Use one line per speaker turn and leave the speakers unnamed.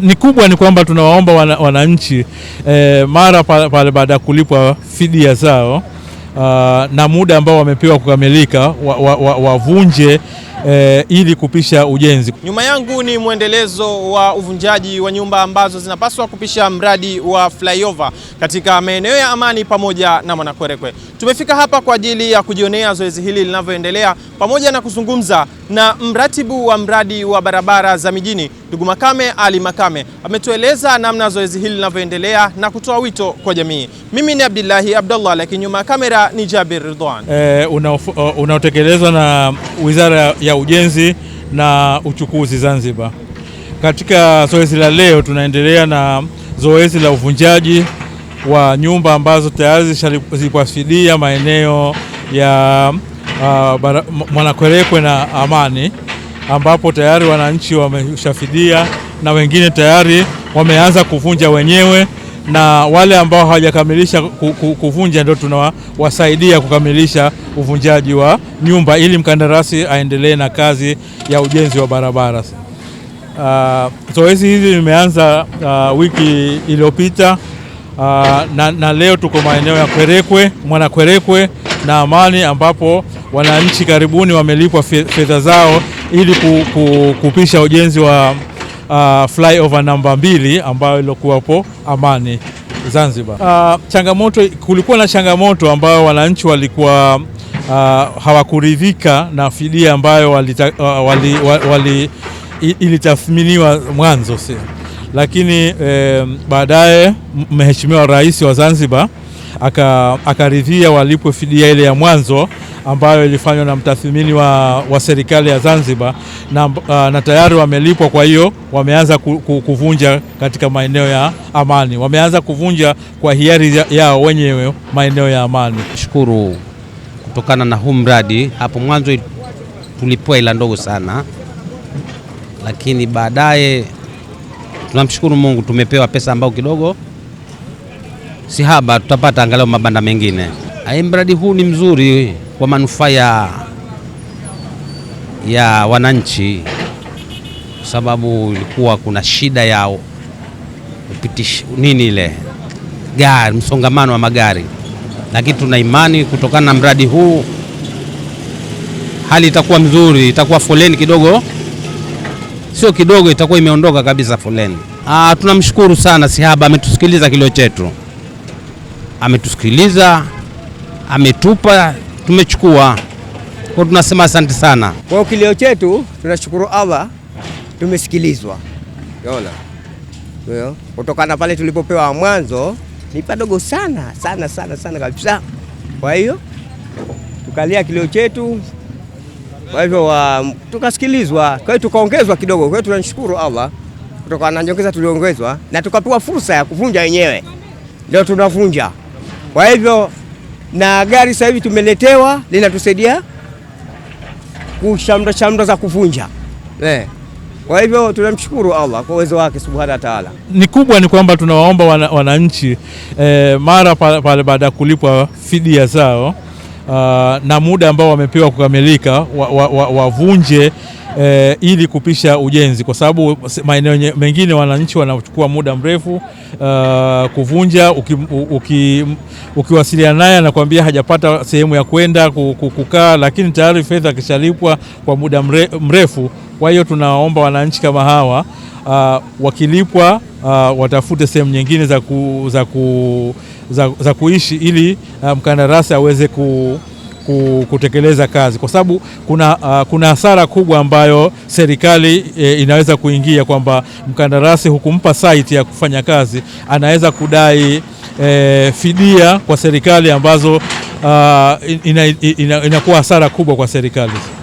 ni kubwa ni kwamba tunawaomba wananchi e, mara pale baada ya kulipwa fidia zao uh, na muda ambao wamepewa kukamilika wavunje wa, wa, wa e, ili kupisha ujenzi.
Nyuma yangu ni mwendelezo wa uvunjaji wa nyumba ambazo zinapaswa kupisha mradi wa flyover katika maeneo ya Amani pamoja na Mwanakwerekwe. Tumefika hapa kwa ajili ya kujionea zoezi hili linavyoendelea pamoja na kuzungumza na mratibu wa mradi wa barabara za mijini Ndugu Makame Ali Makame ametueleza namna zoezi hili linavyoendelea na kutoa wito kwa jamii. Mimi ni Abdillahi Abdullah, lakini nyuma ya kamera ni Jabir Ridwan.
Eh, uh, unaotekelezwa na Wizara ya Ujenzi na Uchukuzi Zanzibar. Katika zoezi la leo tunaendelea na zoezi la uvunjaji wa nyumba ambazo tayari zilikuafidia maeneo ya uh, Mwanakwerekwe na Amani ambapo tayari wananchi wameshafidia na wengine tayari wameanza kuvunja wenyewe, na wale ambao hawajakamilisha kuvunja ndio tunawasaidia kukamilisha uvunjaji wa nyumba ili mkandarasi aendelee na kazi ya ujenzi wa barabara. Uh, zoezi hili limeanza uh, wiki iliyopita uh, na, na leo tuko maeneo ya Kwerekwe, Mwanakwerekwe na Amani ambapo wananchi karibuni wamelipwa fedha zao ili ku, ku, kupisha ujenzi wa uh, flyover namba mbili ambayo ilikuwapo Amani Zanzibar. Ah. Uh, changamoto, kulikuwa na changamoto ambayo wananchi walikuwa uh, hawakuridhika na fidia ambayo walita, uh, wali, wali, ilitathminiwa mwanzo si, lakini eh, baadaye Mheshimiwa Rais wa Zanzibar akaridhia aka walipwe fidia ile ya mwanzo ambayo ilifanywa na mtathmini wa, wa serikali ya Zanzibar na, uh, na tayari wamelipwa. Kwa hiyo wameanza ku, ku, kuvunja katika maeneo ya amani, wameanza kuvunja kwa hiari yao wenyewe maeneo ya amani.
Shukuru kutokana na huu mradi. Hapo mwanzo tulipewa ila ndogo sana, lakini baadaye tunamshukuru Mungu tumepewa pesa ambayo kidogo si haba, tutapata angalau mabanda mengine. Mradi huu ni mzuri kwa manufaa ya wananchi, kwa sababu ilikuwa kuna shida ya upitish nini ile gari, msongamano wa magari, lakini tuna imani kutokana na mradi huu hali itakuwa mzuri, itakuwa foleni kidogo, sio kidogo, itakuwa imeondoka kabisa foleni. Ah, tunamshukuru sana Sihaba, ametusikiliza kilio chetu ametusikiliza, ametupa, tumechukua kwa, tunasema asante sana kwa kilio chetu. Tunashukuru Allah, tumesikilizwa. Unaona, kutokana pale tulipopewa mwanzo ni padogo sana sana sana sana kabisa. Kwa hiyo tukalia kilio chetu, kwa hivyo tukasikilizwa, kwa hiyo tukaongezwa kidogo. Kwa hiyo tunashukuru Allah kutokana na nyongeza tuliongezwa, na tukapewa fursa ya kuvunja wenyewe, ndio tunavunja. Kwa hivyo na gari sasa hivi tumeletewa linatusaidia kushamra shamra za kuvunja eh. Kwa hivyo tunamshukuru Allah kwa uwezo wake subhana wa taala.
Ni kubwa ni kwamba tunawaomba wananchi eh, mara pale baada ya kulipwa fidia zao Uh, na muda ambao wamepewa kukamilika wavunje wa, wa, wa e, ili kupisha ujenzi, kwa sababu maeneo mengine wananchi wanachukua muda mrefu uh, kuvunja. Ukiwasiliana uki, naye anakuambia hajapata sehemu ya kwenda kukaa, lakini tayari fedha akishalipwa kwa muda mrefu. Kwa hiyo tunawaomba wananchi kama hawa Uh, wakilipwa uh, watafute sehemu nyingine za, ku, za, ku, za, za kuishi ili mkandarasi aweze ku kutekeleza kazi, kwa sababu kuna, uh, kuna hasara kubwa ambayo serikali e, inaweza kuingia kwamba mkandarasi hukumpa site ya kufanya kazi, anaweza kudai e, fidia kwa serikali ambazo uh, inakuwa ina, ina, ina hasara kubwa kwa serikali.